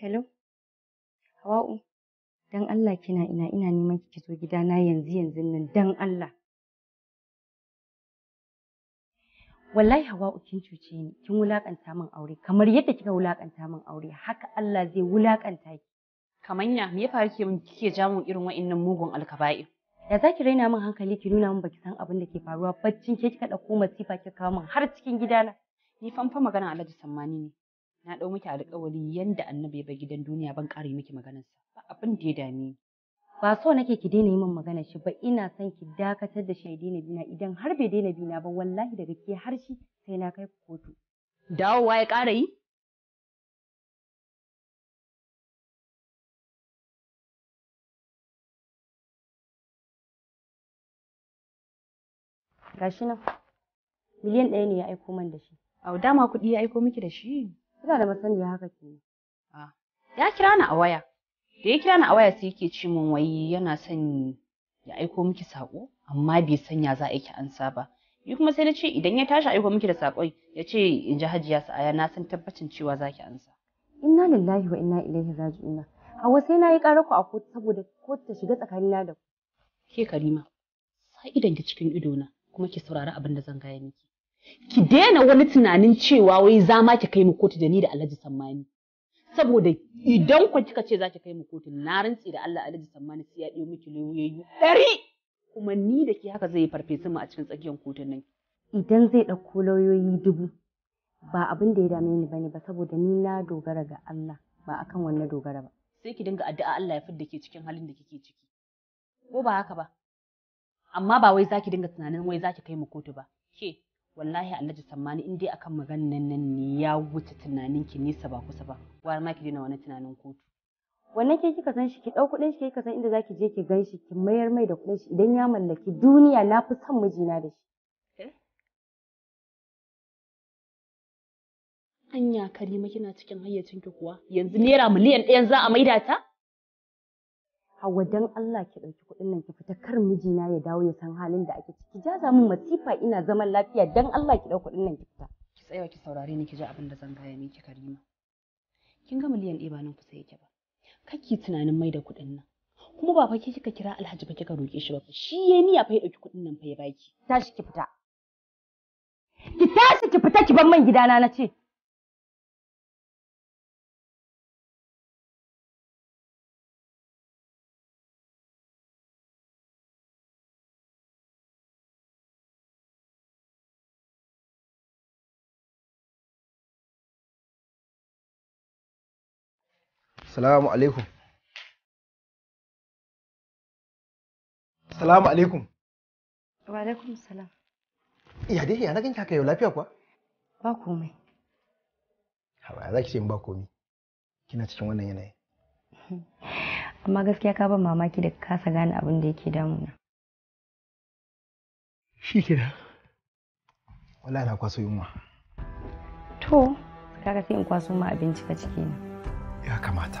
hello, Hawa'u, don Allah kina ina ina neman ki zo gidana yanzu yanzu nan don Allah. Wallahi Hawa'u kin cuce ni, kin wulakanta min aure, kamar yadda kika wulakanta min aure, haka Allah zai wulakanta ki. Kamanya, me ya faru ke min kike jamun irin wa'innan mugun alkaba'i? ya za ki raina min hankali ki nuna min baki san abin da ke faruwa baccin ke kika ɗauko masifa kika kawo min har cikin gidana. Ni fanfa magana Alhaji Sammani ne. na ɗau miki alƙawari yanda annabi ya bar gidan duniya ban ƙare miki maganarsa ba abin da ya dame ni ba so nake ki daina yi min maganar shi ba ina son ki dakatar da shi ya daina bina idan har bai daina bina ba wallahi daga ke har shi sai na kai ku kotu dawowa ya ƙara yi gashi nan miliyan ɗaya ne ya aiko man da shi. A dama kuɗi ya aiko miki da shi? Kina da masani haka ke. Ya kira ni a waya. Da ya kira ni a waya sai yake ce min wai yana son ya aiko miki sako amma bai sanya za a yi ansa ba. Ni kuma sai na ce idan ya tashi aiko miki da sakon ya ce in ji Hajiya Sa'aya na san tabbacin cewa za ki ansa. Inna lillahi wa inna ilaihi raji'un. Hawa sai na yi ƙara ku a kotu saboda kotu ta shiga tsakanina da ku. Ke Karima, sa idan ki cikin idona kuma ki saurari abin da zan gaya miki. ki daina wani tunanin cewa wai za ma ki kai mu kotu da ni da Alhaji Sammani saboda idan ku kika ce za ki kai mu kotu na rantsi da Allah Alhaji Sammani sai ya ɗiyo miki lauyoyi ɗari kuma ni da ke haka zai farfesu mu a cikin tsakiyar kotun nan idan zai ɗauko lauyoyi dubu ba abin da ya dame ni bane ba saboda ni na dogara ga Allah ba akan wannan dogara ba sai ki dinga addu'a Allah ya fidda ke cikin halin da kike ciki ko ba haka ba amma ba wai zaki dinga tunanin wai zaki kai mu kotu ba ke wallahi Allah alhaji tsammani, in dai akan maganan nan ne ya wuce tunaninki ki nesa ba kusa ba wani ma ki daina wani tunanin kotu wannan ke kika san shi ki dau kuɗin shi ke kika san inda zaki je ki gan shi ki mayar mai da kudin shi idan ya mallaki duniya na fi son mijina da shi eh? Anya Karima kina cikin hayyacin kuwa yanzu naira miliyan ɗayan za a maida ta? Hawa dan Allah ki ɗauki kuɗin nan ki fita kar mijina ya dawo ya san halin da ake ciki. Jaza min masifa ina zaman lafiya dan Allah ki ɗau kuɗin nan ki fita. Ki tsaya ki saurare ni ki ji abin da zan gaya miki Karima. Kin ga miliyan ɗaya ba nan kusa yake ba. Kaki tunanin mai da kuɗin nan. Kuma ba fa ke kika kira Alhaji ba kika roƙe shi ba. Shi ya niyya fa ya ɗauki kuɗin nan fa ya baki. Tashi ki fita. Ki tashi ki fita ki bar man gidana na ce. Salamu alaikum. Salamu alaikum. Wa alaikum salam. Ya dai ya na ganki haka yau lafiya kuwa? Ba komai. Hawa za ki ce ba komai. Kina cikin wannan yanayi. Amma gaskiya ka ban mamaki da kasa gane abin da yake damuna. Shi da. Wallahi na kwaso yunwa. To, kaga sai in kwaso ma abinci ka ciki na. ya kamata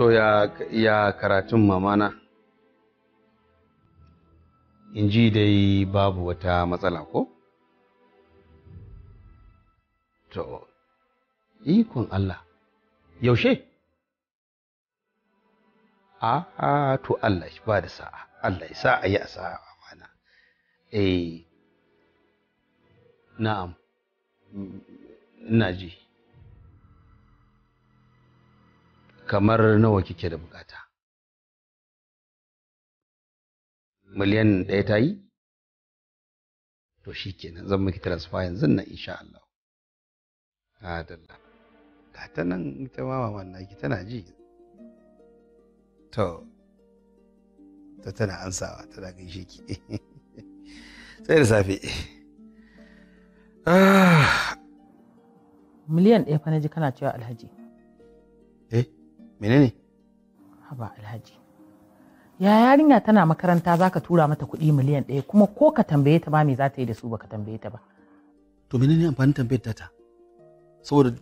to ya karatun mamana in ji dai babu wata matsala ko? To, ikon Allah, yaushe? A'a, to Allah shi ba da sa'a, Allah ya sa'a ya sa'a mana. Eh, na'am, ina ji. Kamar nawa kike da bukata? miliyan ɗaya ta yi to shi kenan zan miki transfer yanzu nan insha Allah adalla ga ta nan ita ma maman naki tana ji to ta tana ansawa tana gaishe ki sai da safe miliyan ɗaya fa na ji kana cewa alhaji eh menene haba alhaji ya yarinya tana makaranta za ka tura mata kuɗi miliyan ɗaya kuma ko ka tambaye ta ba me za ta yi da su ba ka tambaye ta ba. To menene amfanin tambayar ta ta? Saboda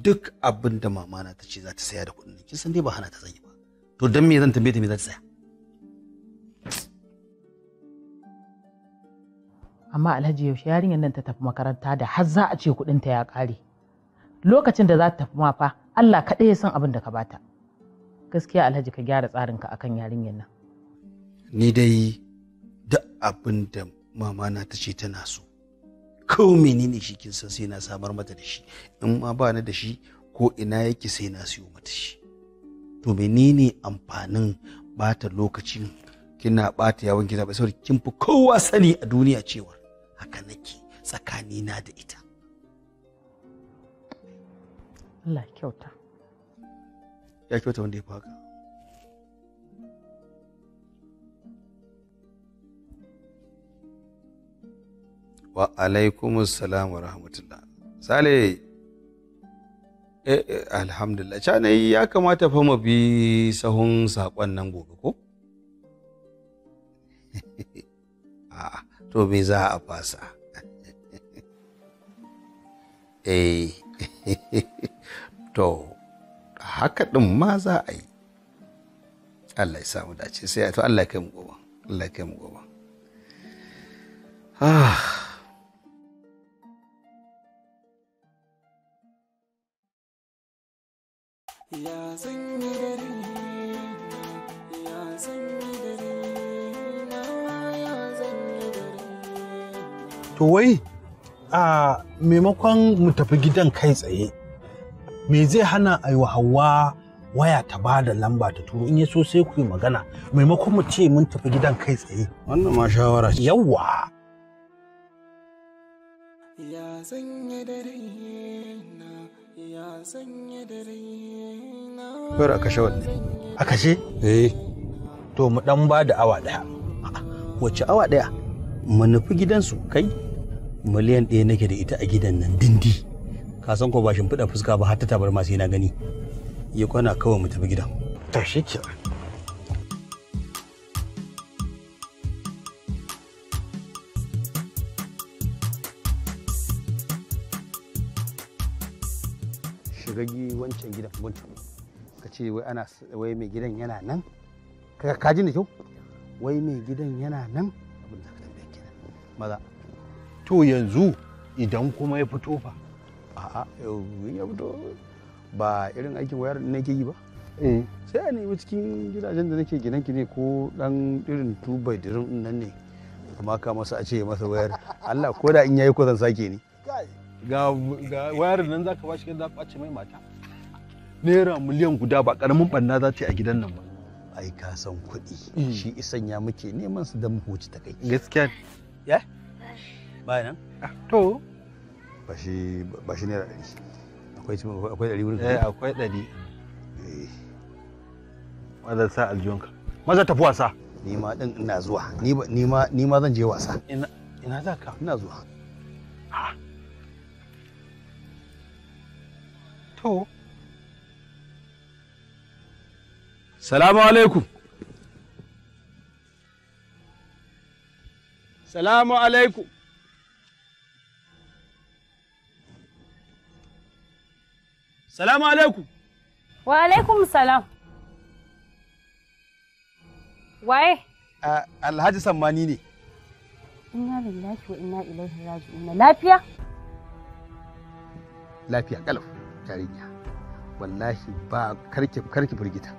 duk abin da mama na ta ce za ta saya da kuɗin kin san dai ba hana ta zanyi ba. To dan me zan tambaye ta me za ta saya? Amma Alhaji yaushe yarinyar nan ta tafi makaranta da har za a ce kuɗinta ya ƙare. Lokacin da za ta tafi ma fa Allah kaɗai ya san abin da ka bata. gaskiya alhaji ka gyara tsarinka akan yarinyar nan ni dai duk abin da mama na ta ce tana so ko menene shi kin san sai na samar mata da shi in ma ba ni da shi ko ina yake sai na siyo mata shi to menene amfanin bata lokacin kina bata yawon gida bai saboda kin fi kowa sani a duniya cewa haka nake tsakani na da ita Allah kyauta ya kyauta wanda ya faka wa alaikum salam wa rahmatullah sale eh, eh, alhamdulillah canayi ya kamata fa mu bi sahun saƙon nan gobe ko to me za a fasa eh to haka din ma za a yi Allah ya samu dace sai to Allah ya kai mu gobe Allah ya kai mu gobe ah ya sanyi dare ya dare ya dare to wai a maimakon mu tafi gidan kai tsaye me zai hana aiwa hawa waya ta ba da lamba ta turo in ya so sai ku yi magana maimakon mu ce mun tafi gidan kai tsaye wannan ma shawara yawa ya dare na Fiyar a kashe wanne. A kashe? Eh. To mu dan ba da awa ɗaya. Wacce awa ɗaya? Mu nufi gidansu kai? Miliyan ɗaya nake da ita a gidan nan dindi. Ka san ko ba shimfiɗa fuska ba har ta tabar masu yana gani. Ya kwana kawai mu tafi gidan. Tashi kenan. shigaggi wancan gidan wancan ka ce wai ana wai mai gidan yana nan kaga ka ji da kyau wai mai gidan yana nan abin da ka tambaye kenan maza to yanzu idan kuma ya fito fa a'a ya fito ba irin aikin wayar nake yi ba eh. sai a nemi cikin gidajen da nake ki ne ko dan irin tubai dirin nan ne amma ka masa a ce masa wayar Allah ko da in yayi ko zan sake ni ga wayarin nan ka bashi kan za ɓace mai mata naira miliyan guda ba ƙaramin ɓanna za ta yi a gidan nan ba ai ka san kuɗi hmm. shi isan ya muke neman su da mu huci ta kai gaskiya ya ba nan ah, to ba shi ba shi naira ɗari akwai akwai ɗari wurin eh akwai ɗari eh wanda sa aljonka maza tafi wasa ni ma din ina zuwa ni ma ni ma zan je wasa ina ina za ka ina zuwa ha ah. Salamu alaikum. Salamu alaikum. Salamu alaikum. Wa alaikum salam. Waye? Alhaji Sammani ne. Inna lillahi wa inna ilaihi raji'un. Lafiya? Lafiya kalau. yarinya wallahi ba karki karki firgita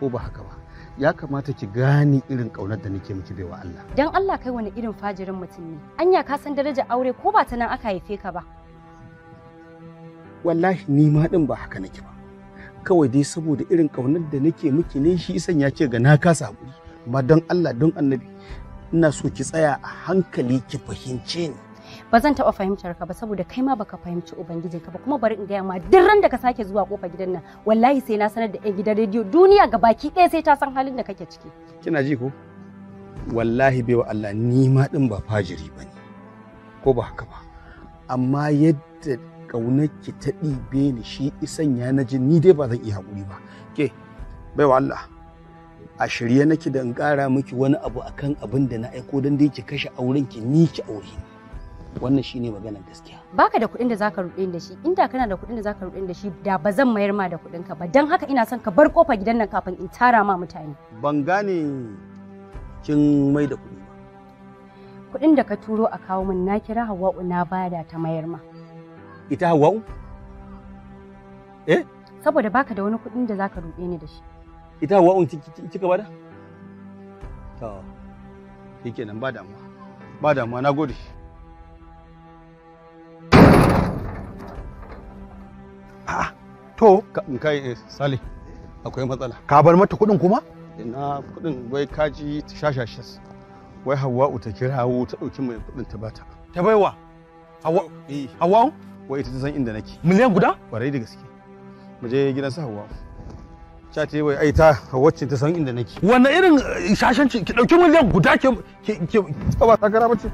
ko ba haka ba ya kamata ki gane irin kaunar da nake miki baiwa Allah dan Allah kai wani irin fajirin mutum ne anya ka san daraja aure ko ba ta nan aka haife ka ba wallahi ni ma din ba haka nake ba kawai dai saboda irin kaunar da nake miki ne shi isan ya ce ga na kasa hakuri amma don Allah don annabi ina so ki tsaya a hankali ki fahimce ni ba zan taɓa fahimtar ka ba saboda kai ma baka fahimci ubangijinka ba kuma bari in gaya ma duk ran da ka sake zuwa kofa gidan nan wallahi sai na sanar da yan gidan rediyo duniya ga baki ɗaya sai ta san halin da kake ciki kina ji ko wallahi bai wa Allah ni ma din ba fajiri ba ne ko ba haka ba amma yadda ƙaunarki ta ɗibe ni shi isan ya naji ni dai ba zan iya haƙuri ba ke bai wa Allah a shirye nake da in ƙara miki wani abu akan abin da na aiko don dai ki kashe aurenki ni ki aure wannan shine maganar gaskiya baka da kuɗin da zaka ruɗe da shi inda kana da kuɗin da zaka ruɗe da shi da ba zan mayar ma da kuɗin ka ba dan haka ina son ka bar kofa gidan nan kafin in tara ma mutane ban gane kin mai da kuɗi ba kuɗin da ka turo a kawo min na kira Hawwa'u na bada ta mayar ma ita Hawwa'u eh saboda baka da wani kuɗin da zaka ruɗe ni da shi ita Hawwa'u kika bada to shikenan ba damuwa ba damuwa nagode to in kai eh, sale akwai matsala ka bar mata kuɗin kuma ina kuɗin wai kaji shashashas wai hawa'u ta kirawo ta ɗauki mai kuɗin ta bata ta baiwa hawa'u eh. wai ita ta san inda nake miliyan guda ƙwarai da gaske mu je gidan su hawa'u ta ta wai ai ta wacce ta san inda nake wannan irin eh, shashanci ki ɗauki miliyan guda ke ke ke ba ta gara bace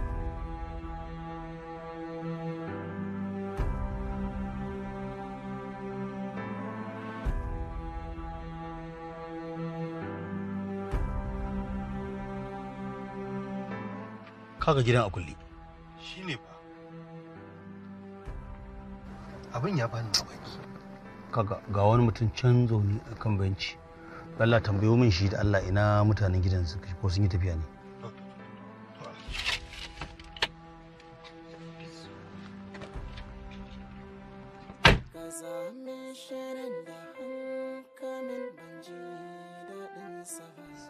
kaga gidan a kulle shine ba. abin ya bani mamaki kaga ga wani mutum can zaune a kan benci Allah tambayo min shi da Allah ina mutanen gidan su ko sun yi tafiya ne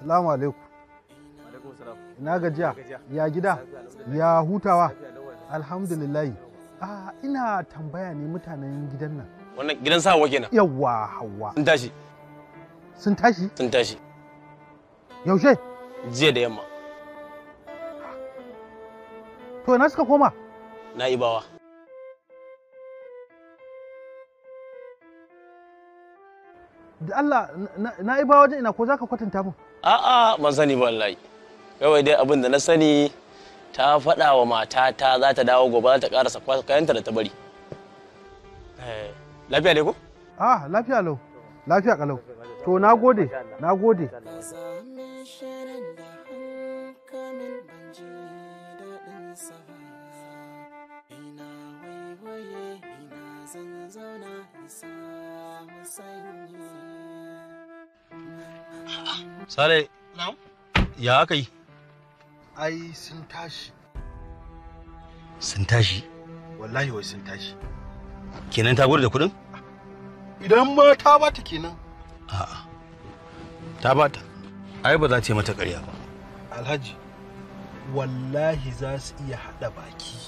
Salamu alaikum. na gajiya ya gida ya hutawa alhamdulillahi ah ina tambaya ne mutanen gidan nan wannan gidan sawa kenan yawa hawa sun tashi sun tashi sun tashi yaushe jiya da yamma to ina suka koma na ibawa da Allah na ibawa wajen ina ko zaka kwatanta mu a'a ban sani ba wallahi kawai dai abin da na sani ta faɗa wa matata za ta dawo gobe za ta ƙarasa kayanta da ta bari eh, lafiya ne ko ah lafiya lau lafiya kalau to na gode na gode Sale, ya aka yi? ai sun tashi sun tashi wallahi wai sun tashi kenan ta gudu da kuɗin idan ma ta bata kenan a'a ta bata ai ba za ta yi mata ƙarya ba alhaji wallahi za su iya haɗa baki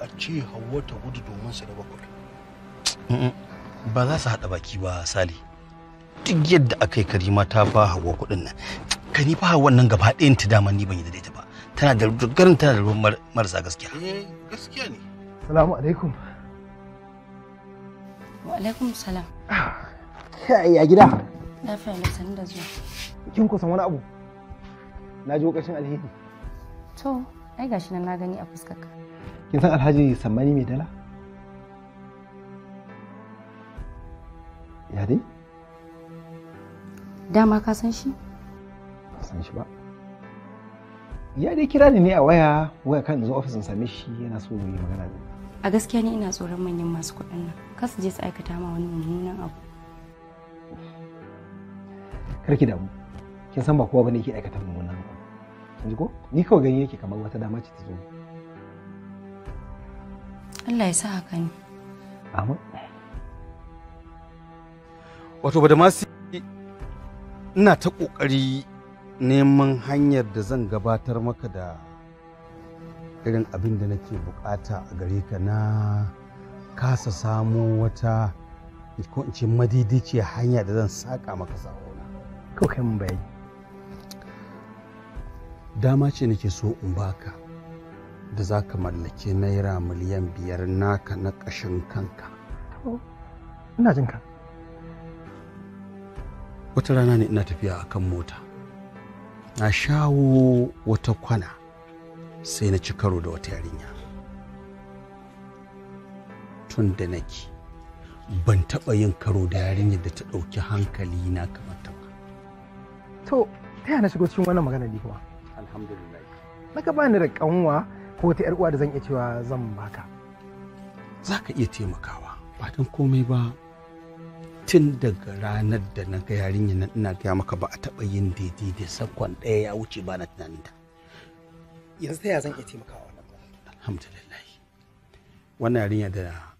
a ce hawa ta gudu domin su raba kudin ba za su haɗa baki ba sali duk yadda aka yi karima ta ba hawa kuɗin nan kani ni fa wannan gaba ɗayan ta dama ni ban yi daidaita ba tana da garin tana da ruwan marasa gaskiya eh gaskiya ne salamu alaikum wa alaikum salam kai ya gida na da sani da zuwa kin kusan wani abu na ji ƙarshen alheri to ai gashi nan na gani a fuskarka kin san alhaji sammani mai dala ya dai dama ka san shi san shi ba ya dai kira ni ne a waya waya kan zo ofisin same shi yana so yi magana da a gaskiya ni ina tsoron manyan masu kuɗin nan kar su je su aikata ma wani mummunan abu kar ki damu kin san ba kowa bane yake aikata mummunan abu kin ji ko ni kawai gani yake kamar wata dama ce ta zo Allah ya sa haka ne amma wato ba da ma ina ta kokari neman hanyar da zan gabatar maka da irin abin da nake bukata a gare ka na kasa samo wata ko in ce madidiciyar hanya da zan saka maka sakona kawo kai mun bayani dama ce nake so in baka da za ka mallake naira miliyan biyar naka na ƙashin kanka ina jin wata rana ne ina tafiya akan mota na shawo wata kwana sai na ci karo da wata yarinya tun da nake ban taɓa yin karo da yarinya da ta ɗauki hankali na kamar ta ba to ta yana shigo cikin wannan magana kuma alhamdulillah naka bani da kanwa ko ta yar uwa da zan iya cewa zan baka za ka iya taimakawa ba don komai ba tun daga ranar da na ga yarinya nan ina gaya maka ba a taɓa yin daidai da sakon ɗaya ya wuce ba na tunanin ta yanzu ta ya zan iya wa wannan alhamdulillah wannan yarinya da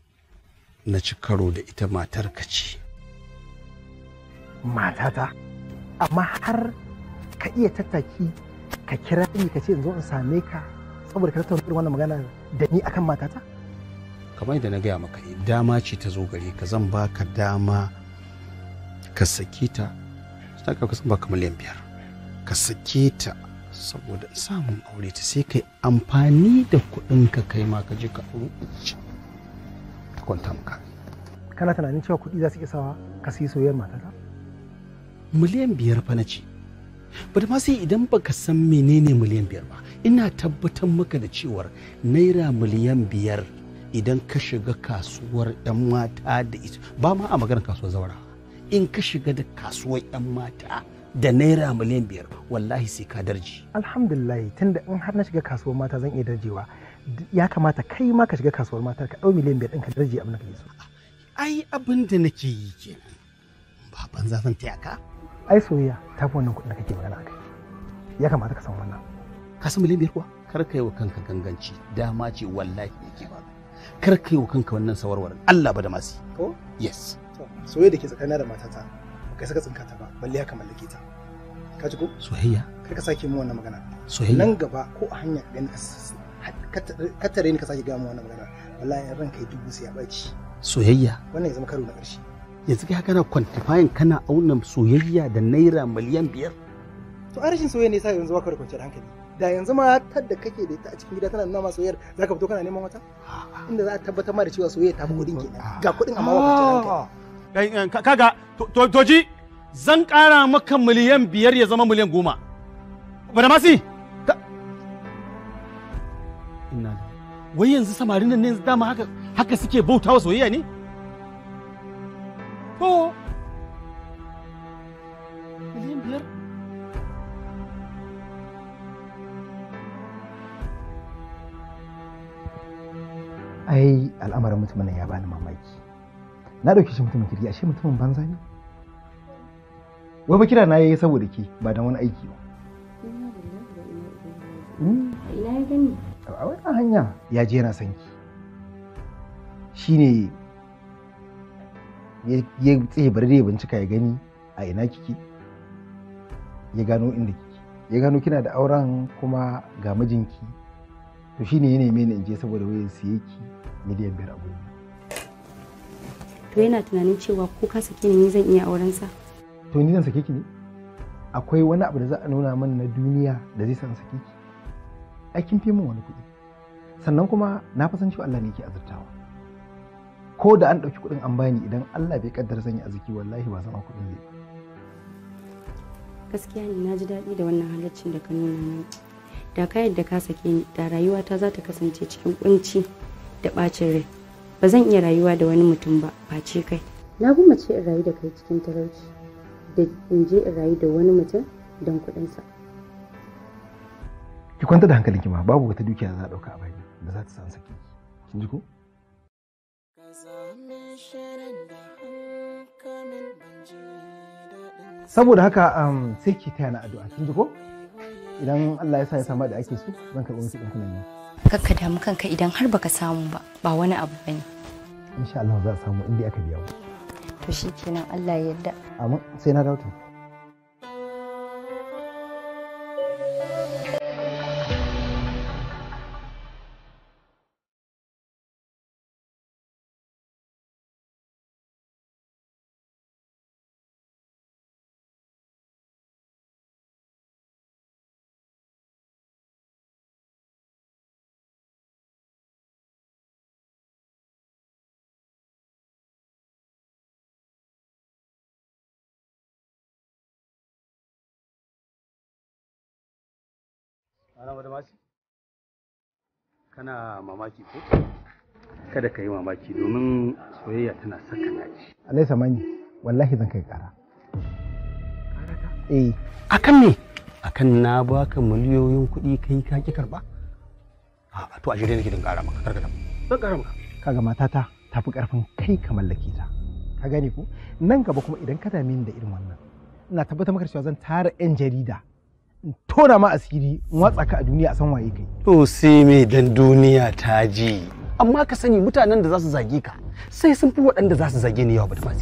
na ci karo da ita matar ka ce matata amma har ka iya tattaki ka kira ni ka ce in zo in same ka saboda ka tattauna irin wannan magana da ni akan matata kamar da na gaya maka dama ce ta zo gare ka zan baka dama ka sake ta ta ka kusan baka miliyan biyar ka sake ta saboda samun aure ta sai kai amfani da kuɗin ka kai ma ka je ka aure ta kwanta maka kana tunanin cewa kuɗi za su iya sawa ka sayi soyayyar ta miliyan biyar fa na ce ba ma sai idan baka san menene miliyan biyar ba ina tabbatar maka da cewar naira miliyan biyar idan ka shiga kasuwar 'yan mata da ita ba ma a maganar kasuwar zawara in ka shiga da kasuwar 'yan mata da naira miliyan biyar wallahi sai ka darji alhamdulillah tunda in har na shiga kasuwar mata zan iya darjewa ya kamata kai ma ka shiga kasuwar mata ka ɗau miliyan biyar ɗin ka darje abin da kake so ai abin da nake yi kenan ba banza zan taya ka ai soyayya ta fi wannan kuɗin da kake magana kai ya kamata ka san wannan ka san miliyan biyar kuwa kar ka yi wa kanka ganganci dama ce wallahi yake ba kar ka yi wa kanka wannan sawarwarin Allah ba da masi oh yes soyayya da ke tsakanina da matata ba kai saka tsinka ta ba balle haka mallake ta ka ji ko soyayya kai ka sake mu wannan magana soyayya nan gaba ko a hanya ka gani ka tare ni ka sake gaya mu wannan magana wallahi ran kai dubu sai ya baci soyayya wannan ya zama karo na ƙarshe yanzu kai haka na quantifying kana auna soyayya da naira miliyan biyar to a rashin soyayya ne sai yanzu baka da kwanciyar hankali da yanzu ma tar da kake da ita a cikin gida tana nuna ma soyayyar zaka fito kana neman wata inda za a tabbatar ma da cewa soyayya ta fi kuɗin kenan ga kuɗin amma ba kwanciyar hankali Eh, eh, kaga to ji zan kara maka miliyan biyar ya zama miliyan goma badamasi masi. wai yanzu samarin nan ne dama haka haka suke wa soyayya ne ko miliyan biyar ai al'amarin mutumin ya bani mamaki na ɗauke shi mutumin kirki ashe mutumin banza ne wai ba kira na yayi saboda ke ba dan wani aiki ba hmm? a wani hanya ya je yana son ki ne ya tsaye bari da ya bincika ya gani a ina kike ya gano inda kike ya gano kina da auren kuma ga mijinki to ne ya neme ni in je saboda wayar siye ki miliyan biyar a gurin to yana tunanin cewa ko ka sake ni zan iya auren sa to ni zan sake ki ne akwai wani abu da za a nuna mana na duniya da zai san sake ki ai kin fi min wani kuɗi sannan kuma na fa san cewa Allah ne yake azurtawa ko da an ɗauki kuɗin an bani idan Allah bai kaddara zan yi arziki wallahi ba zama kuɗin zai gaskiya ne na ji daɗi da wannan halaccin da ka nuna min da ka yadda ka sake ni da rayuwata za ta kasance cikin kunci da ɓacin rai ba zan iya rayuwa da wani mutum ba face kai na gumace in rayu da kai cikin talauci da in je in rayu da wani mutum don kudinsa. ki kwanta da hankalinki ma babu wata dukiya za a ɗauka a baki da za ta san saki kin ji ko saboda haka um, sai ki taya na addu'a kin ji ko idan Allah ya sa ya samu da ake so zan karɓi wasu ɗan kunan ne kakka damu kanka idan har baka samu ba ba wani abu bane insha Allah za a samu inda aka biya mu to shikenan Allah ya yarda amma sai na dauke Ana mashi? Kana mamaki ko? Kada ka yi mamaki domin soyayya tana saka naci. Alai samani, wallahi zan kai kara. Eh, akan me? Akan na baka miliyoyin kuɗi kai ka ki karba? A to a shirye nake dinga kara maka, karkata. Zan kara maka. Kaga matata ta fi karfin kai ka mallake ta. Ka gane ko? Nan gaba kuma idan ka dame ni da irin wannan, ina tabbatar maka cewa zan tara 'yan jarida tona ma asiri watsa ka a duniya a san waye kai to sai me dan duniya ta ji amma ka sani mutanen da za su zage ka sai sun fi waɗanda za su zage ni yawa ba da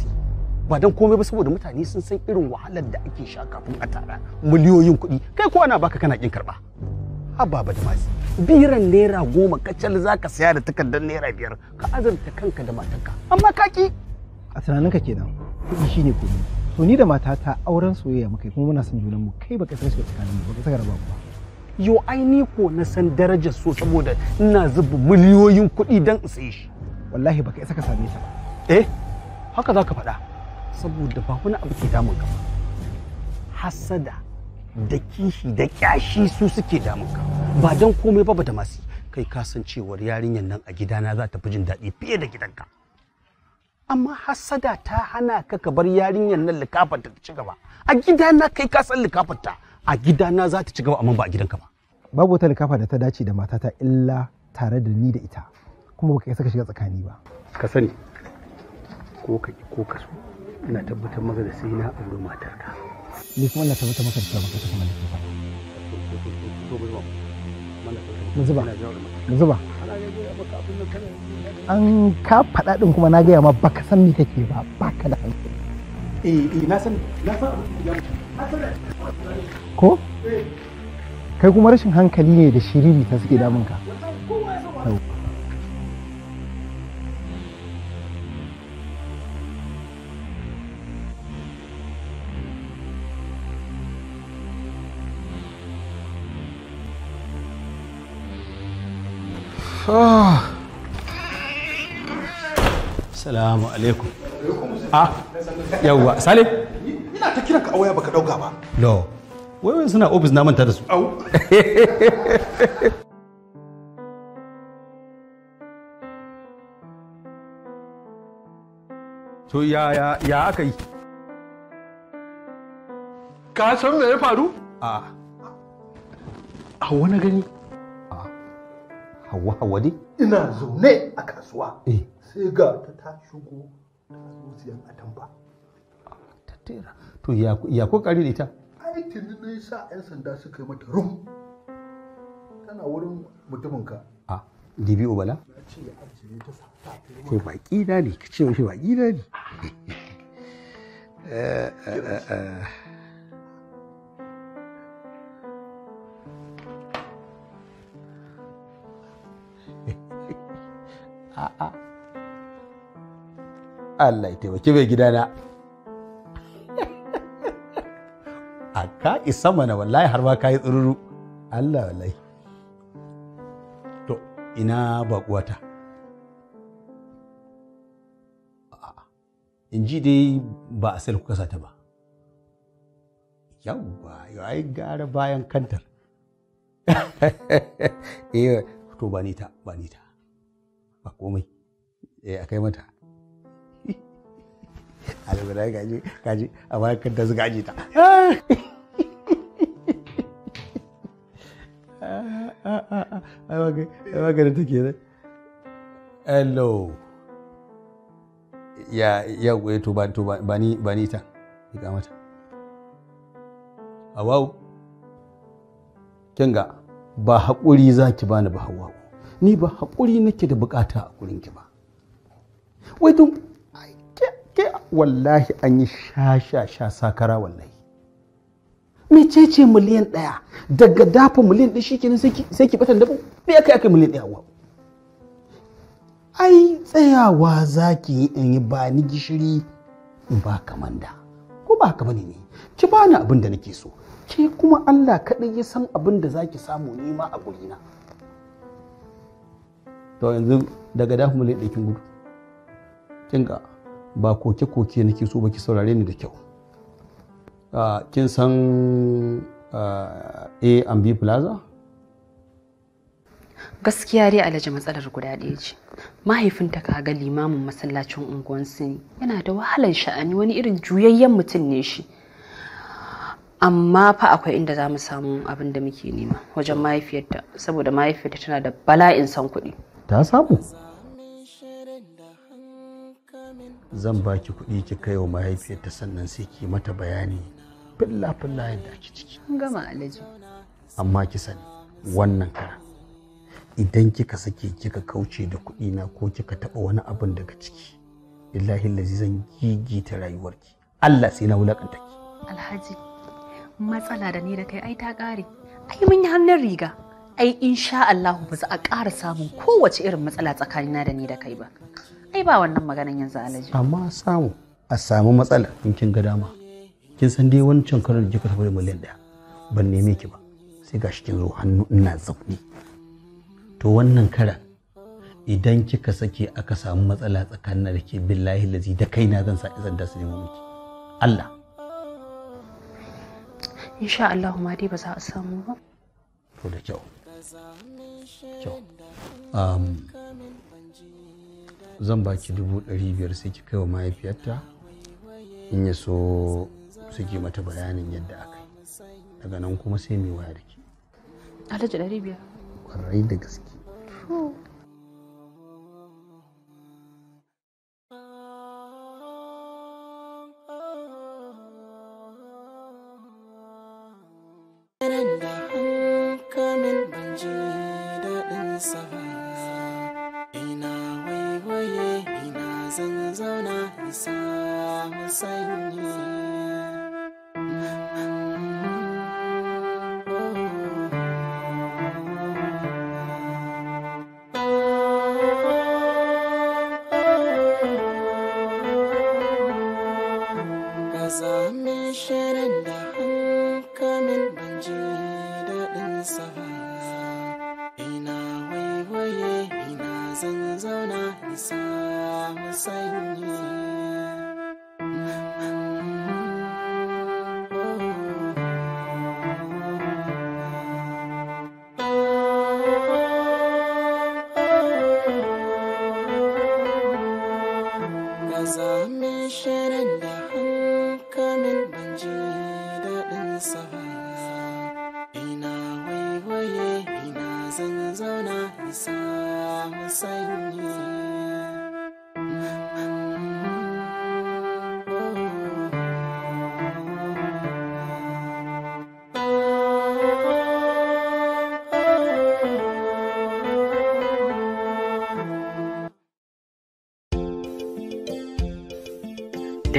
ba dan komai ba saboda mutane sun san irin wahalar da ake sha kafin a tara miliyoyin kuɗi kai ko ana baka kana kin karɓa haba ba da biran naira goma kacal za ka saya da takardar naira biyar ka azurta kanka da matarka amma kaki a tunaninka kenan kuɗi shine komai. to ni da matata auren soyayya muka kuma muna son junan mu kai baka san shi tsakanin mu baka saka ba yo ai ni ko na san darajar so saboda ina zuba miliyoyin kuɗi dan in saye shi wallahi baka isa ka same ta eh haka zaka faɗa saboda ba kuna abu ke damun ka hasada da kishi da kyashi su suke damun ka ba dan komai ba ba da masu kai kasancewar yarinyar nan a gidana za ta fi jin daɗi fiye da gidanka amma hasada ta hana ka ka bar yarinyar nan likafanta ta ci gaba a gidana kai ka san likafanta a gidana za ta ci gaba amma ba a gidanka ba babu wata likafa da ta dace da matata illa tare da ni da ita kuma baka isa ka shiga tsakani ba ka sani ko ka ko ka so ina tabbatar maka da sai na aure matarka ni kuma ina tabbatar maka da cewa ba ta kuma likafa mu zuba mu zuba an ka faɗa ɗin kuma na gaya ma baka san me kake ba baka da hankali eh eh na san na san ko eh. kai kuma rashin hankali ne da shiriri ta suke damun ka Salamu alaikum. Ah, yawwa, Sale? Ina ta kiran ka a waya baka dauka ba. No. Wai suna ofis na manta da su. Au. To ya ya ya aka yi? Ka san me ya faru? Ah. A wani gani. hawa hawa dai ina zaune a kasuwa eh. sai ga ta ta shigo zuciyar atamfa ta tera to ya ko kare da ita Aikin tuni ne sa yan sanda suka yi mata rum tana wurin mutumin ka a dibi obala ce baki na ne ce baki na ne Allah ya taimaki mai gidana a ka isa mana wallahi har ma ka yi tsururu Allah wallahi to ina baƙuwata in ji dai ba a sai kuka sata ba yawwa yau ai gara bayan kantar eh to ba ni ta ba ni ta ba komai eh akai mata alibira gaji gaji a bayan kanta su gaji ta ai da take ne hello ya ya eh, to ba to ba ni ba ni ta ga mata wau kinga ba haƙuri za ki bani ba hawa ni ba haƙuri nake da bukata a ki ba wai don wallahi an yi sha-sha-sha sakara wallahi mecece miliyan ɗaya daga dafa miliyan ɗaya kenan sai ki batan dafa me aka aka miliyan ɗaya wa ai tsayawa za ki yi in yi ba ni gishiri in ba kamanda ko ba haka ne ki ba ni abin da nake so ke kuma Allah kaɗai ya san abin da za ki samu nema a gurina to yanzu daga dafa miliyan ɗaya kin gudu kin ga ba koke-koke nake so ba ki saurare ni da kyau ah, kin san ah, a and b plaza gaskiya dai alhaji matsalar guda ɗaya ce mahaifinta kaga limamin masallacin unguwan sini yana da wahalar sha'ani wani irin juyayyen mutum ne shi amma fa akwai inda za mu samu abin da muke nema wajen mahaifiyarta saboda mahaifiyarta tana da bala'in san kuɗi ta samu zan ba ki kuɗi ki kai wa mahaifiyarta sannan sai ki mata bayani filla filla yadda ake ciki gama alaji amma ki sani wannan kara idan kika sake kika kauce da kuɗi na ko kika taɓa wani abin daga ciki illahi lazi zan gigita rayuwarki Allah sai na wulakanta ki alhaji matsala da ni da kai ai ta ƙare ai mun yi hannun riga ai insha Allah ba za a ƙara samun kowace irin matsala tsakanina da ni da kai ba ai ba wannan maganin yanzu alaji amma samu a samu matsala in kin ga dama kin san dai wancan karar da kika tafi da miliyan daya ban neme ki ba sai gashi kin zo hannu ina zaune to wannan karan idan kika sake aka samu matsala tsakanin da ke billahi lazi da kaina zan sa izan da su nemo miki Allah insha Allah ma dai ba za a samu ba to da kyau kyau um, zan baki dubu ɗari biyar sai ki kai wa mahaifiyarta in ya so suke mata bayanin yadda aka yi daga nan kuma sai mai waya da ke alhaji ɗari biyar ƙwarai da gaske